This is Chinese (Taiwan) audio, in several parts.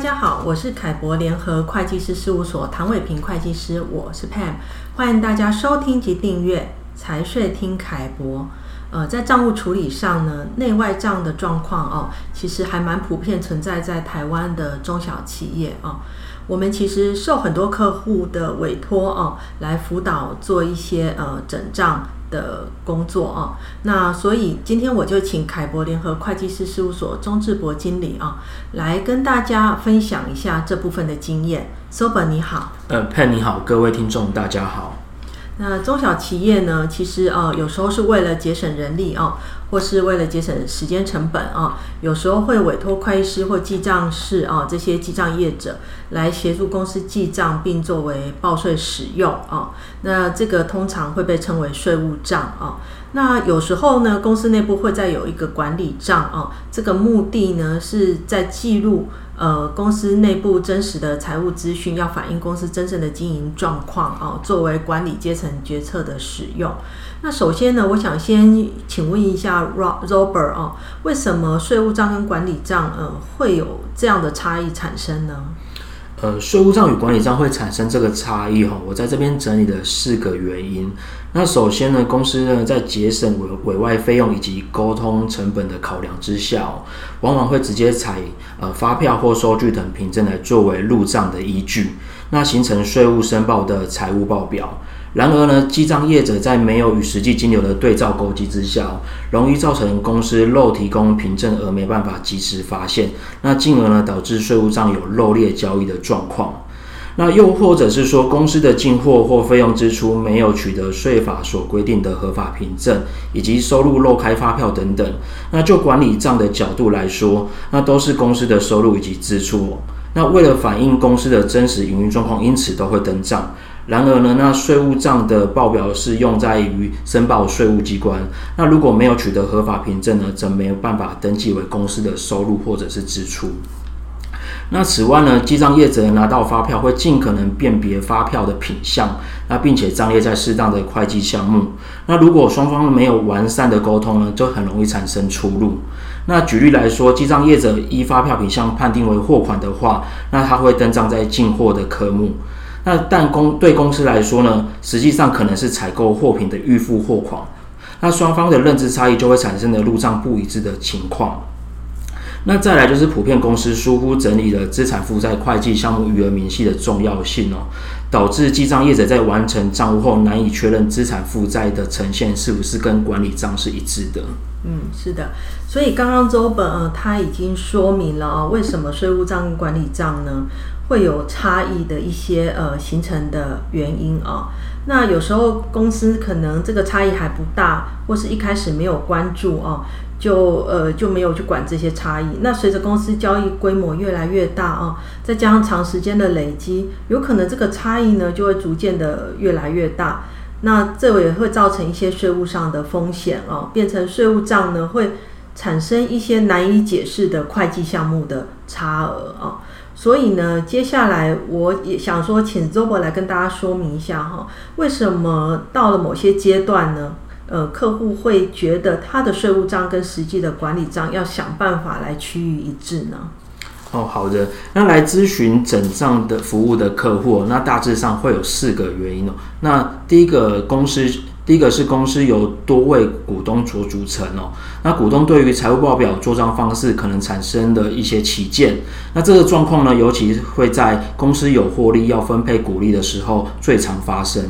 大家好，我是凱博聯合會計師事務所唐偉平會計師，我是 Pam，歡迎大家收聽及訂閱財稅聽凱博。呃，在賬務處理上呢，內外賬的狀況哦，其實還蠻普遍存在，在在台灣的中小企業哦。我們其實受很多客戶的委託哦，來輔導做一些呃整賬。的工作啊，那所以今天我就請凱博聯合會計師事務所鐘志博經理啊，來跟大家分享一下這部分的經驗。Sober 你好，呃、uh, Pen 你好，各位聽眾大家好。那中小企業呢，其實呃、啊，有時候是為了節省人力啊，或是為了節省時間成本啊，有時候會委托會計師或記帳士啊，這些記賬業者來協助公司記賬，並作為報稅使用啊。那這個通常會被稱為稅務賬啊。那有時候呢，公司內部會再有一個管理賬哦，這個目的呢是在記錄呃公司內部真實的財務資訊，要反映公司真正的經營狀況哦，作為管理階層決策的使用。那首先呢，我想先請問一下 Robert 哦，啊，為什麼稅務賬跟管理賬呃會有這樣的差異產生呢？呃，稅務賬與管理賬會產生這個差異哈、哦，我在這邊整理的四個原因。那首先呢，公司呢在節省委委外費用以及溝通成本的考量之下、哦，往往會直接採呃發票或收據等憑證來作為入賬的依據，那形成稅務申報的財務報表。然而呢，記賬業者在沒有與實際金流的對照勾稽之下，容易造成公司漏提供憑證而沒辦法及時發現，那進而呢導致稅務賬有漏列交易的狀況。那又或者是說，公司的進貨或費用支出沒有取得稅法所規定的合法憑證，以及收入漏開發票等等。那就管理賬的角度來說，那都是公司的收入以及支出。那為了反映公司的真實營運狀況，因此都會登賬。然而呢，那稅務賬的報表是用在於申報稅務機關。那如果沒有取得合法憑證呢，則沒有辦法登記為公司的收入或者是支出。那此外呢，記賬業者拿到發票會儘可能辨別發票的品項，那並且賬列在適當的會計項目。那如果雙方沒有完善的溝通呢，就很容易產生出入。那舉例來說，記賬業者依發票品項判定為貨款的話，那他會登賬在進貨的科目。那但公對公司來說呢，實際上可能是採購貨品的預付貨款，那雙方的認知差異就會產生的入賬不一致的情況。那再來就是普遍公司疏忽整理了資產負債會計項目餘額明細的重要性哦，導致記賬業者在完成賬務後難以確認資產負債的呈現是不是跟管理賬是一致的。嗯，是的，所以剛剛周本，呃，他已經說明了哦，為什麼稅務賬跟管理賬呢？會有差異的一些呃形成的原因啊、哦，那有時候公司可能這個差異還不大，或是一開始沒有關注啊、哦，就呃就沒有去管這些差異。那隨着公司交易規模越來越大啊、哦，再加上長時間的累積，有可能這個差異呢就會逐漸的越來越大。那這也會造成一些稅務上的風險哦，變成稅務賬呢會產生一些難以解釋的會計項目的差額啊、哦。所以呢，接下來我也想說，請周博來跟大家說明一下哈，為什麼到了某些階段呢，呃，客戶會覺得他的稅務帳跟實際的管理帳要想辦法來趨於一致呢？哦，好的，那來諮詢整賬的服務的客戶，那大致上會有四個原因哦。那第一個公司。第一個是公司由多位股東所組成哦，那股東對於財務報表做賬方式可能產生的一些歧見。那這個狀況呢，尤其會在公司有獲利要分配股利的時候最常發生。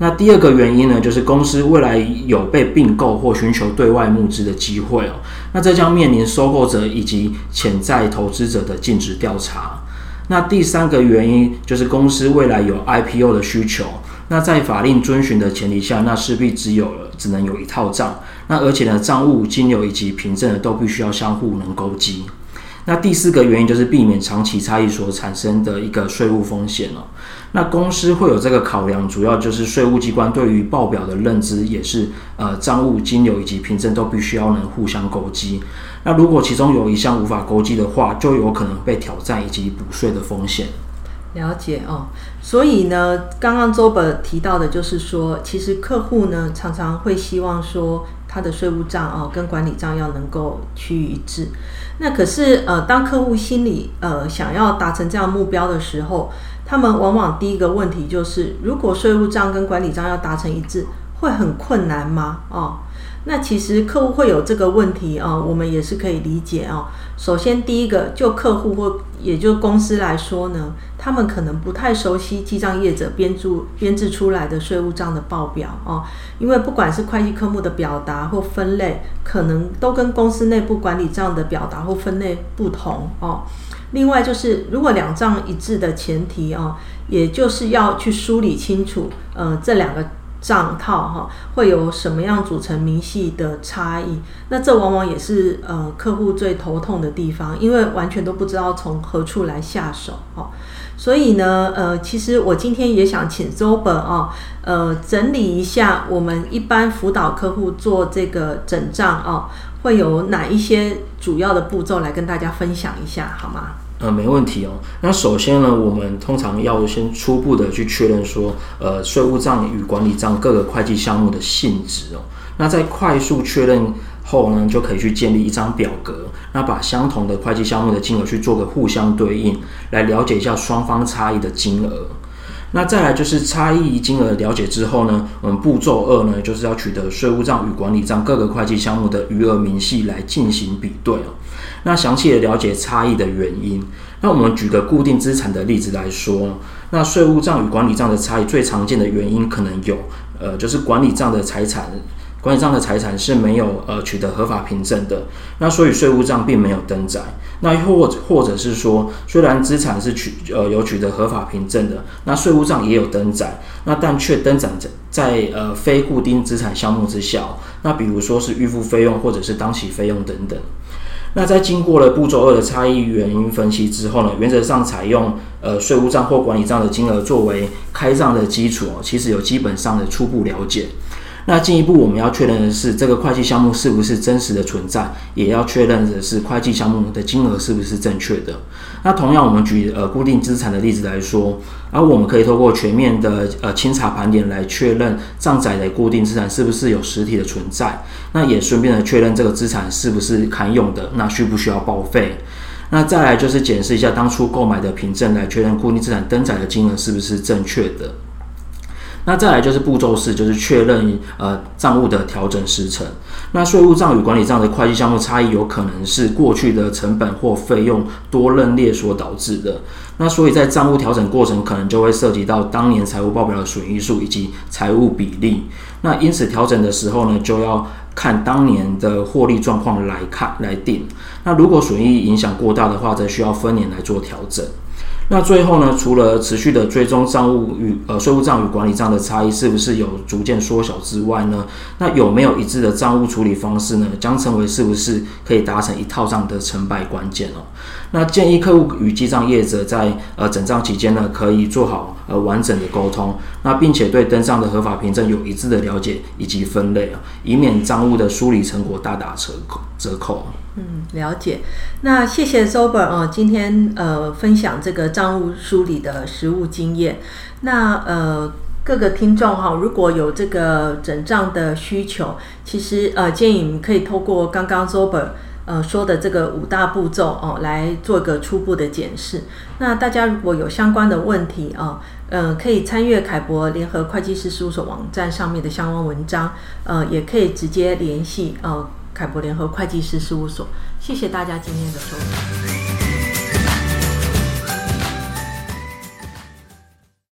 那第二個原因呢，就是公司未來有被併購或尋求對外募資的機會哦，那這將面臨收購者以及潛在投資者的盡職調查。那第三個原因就是公司未來有 IPO 的需求。那在法令遵循的前提下，那勢必只有了只能有一套賬那而且呢，賬務、金流以及憑證都必須要相互能勾稽。那第四個原因就是避免長期差異所產生的一個稅務風險哦。那公司會有這個考量，主要就是稅務機關對於報表的認知也是呃，賬務、金流以及憑證都必須要能互相勾稽。那如果其中有一項無法勾稽的話，就有可能被挑戰以及補稅的風險。了解哦，所以呢，剛剛周本提到的，就是說，其實客戶呢，常常會希望說，他的稅務賬哦跟管理賬要能夠趨於一致。那可是呃，當客戶心裡呃想要達成這樣目標的時候，他們往往第一個問題就是，如果稅務賬跟管理賬要達成一致，會很困難嗎？哦，那其實客戶會有這個問題啊、哦，我們也是可以理解哦。首先第一個，就客戶會也就是公司來說呢，他們可能不太熟悉記賬業者編著編制出來的稅務賬的報表哦，因為不管是會計科目的表達或分類，可能都跟公司內部管理賬的表達或分類不同哦。另外就是，如果兩賬一致的前提哦，也就是要去梳理清楚，呃，這兩個。賬套哈會有什麼樣組成明細的差異？那這往往也是，呃，客戶最頭痛的地方，因為完全都不知道從何處來下手哦。所以呢，呃，其實我今天也想請周本啊，呃，整理一下我們一般輔導客戶做這個整賬哦，會有哪一些主要的步驟來跟大家分享一下，好嗎？呃，沒問題哦。那首先呢，我們通常要先初步的去確認說，呃，稅務賬與管理賬各個會計項目的性質哦。那在快速確認後呢，就可以去建立一張表格，那把相同的會計項目的金額去做個互相對應，來了解一下雙方差異的金額。那再來就是差異金額了解之後呢，我們步驟二呢，就是要取得稅務賬與管理賬各個會計項目的餘額明細來進行比對哦。那詳細的了解差異的原因，那我們舉個固定資產的例子來說，那稅務賬與管理賬的差異最常見的原因可能有，呃，就是管理賬的財產，管理賬的財產是沒有呃取得合法憑證的，那所以稅務賬並沒有登載，那或者或者是說，雖然資產是取呃有取得合法憑證的，那稅務賬也有登載，那但卻登載在在呃非固定資產項目之下，那比如說是預付費用或者是當期費用等等。那在經過了步驟二的差異原因分析之後呢，原則上採用呃稅務賬或管理賬的金額作為開賬的基礎，其實有基本上的初步了解。那進一步我們要確認的是，這個會計項目是不是真實的存在，也要確認的是會計項目的金額是不是正確的。那同樣，我們舉呃固定資產的例子來說，而、啊、我們可以透過全面的呃清查盤點來確認賬載的固定資產是不是有實體的存在。那也順便的確認這個資產是不是堪用的，那需不需要報廢？那再來就是檢視一下當初購買的憑證，來確認固定資產登載的金額是不是正確的。那再來就是步驟四，就是確認呃賬務的調整時程。那稅務賬與管理賬的會計項目差異，有可能是過去的成本或費用多認列所導致的。那所以在賬務調整過程，可能就會涉及到當年財務報表的損益數以及財務比例。那因此調整的時候呢，就要看當年的獲利狀況來看來定。那如果損益影響過大的話，則需要分年來做調整。那最後呢，除了持續的追蹤賬務與呃稅務賬與管理賬的差異是不是有逐漸縮小之外呢？那有沒有一致的賬務處理方式呢？將成為是不是可以達成一套賬的成敗關鍵哦。那建議客戶與記賬業者在呃整賬期間呢，可以做好呃完整的溝通，那並且對登賬的合法憑證有一致的了解以及分類哦，以免賬務的梳理成果大打折扣折扣。嗯，了解。那謝謝 Sober，啊，今天呃分享這個賬務梳理的實務經驗。那呃各個聽眾哈，如果有這個整賬的需求，其實呃建議你們可以透過剛剛 Sober 呃說的這個五大步驟哦，呃，來做個初步的檢視。那大家如果有相關的問題啊，呃可以參閱凱博聯合會計師事務所網站上面的相關文章，呃，也可以直接聯繫哦。呃凱博聯合會計師事務所，謝謝大家今天的收聽。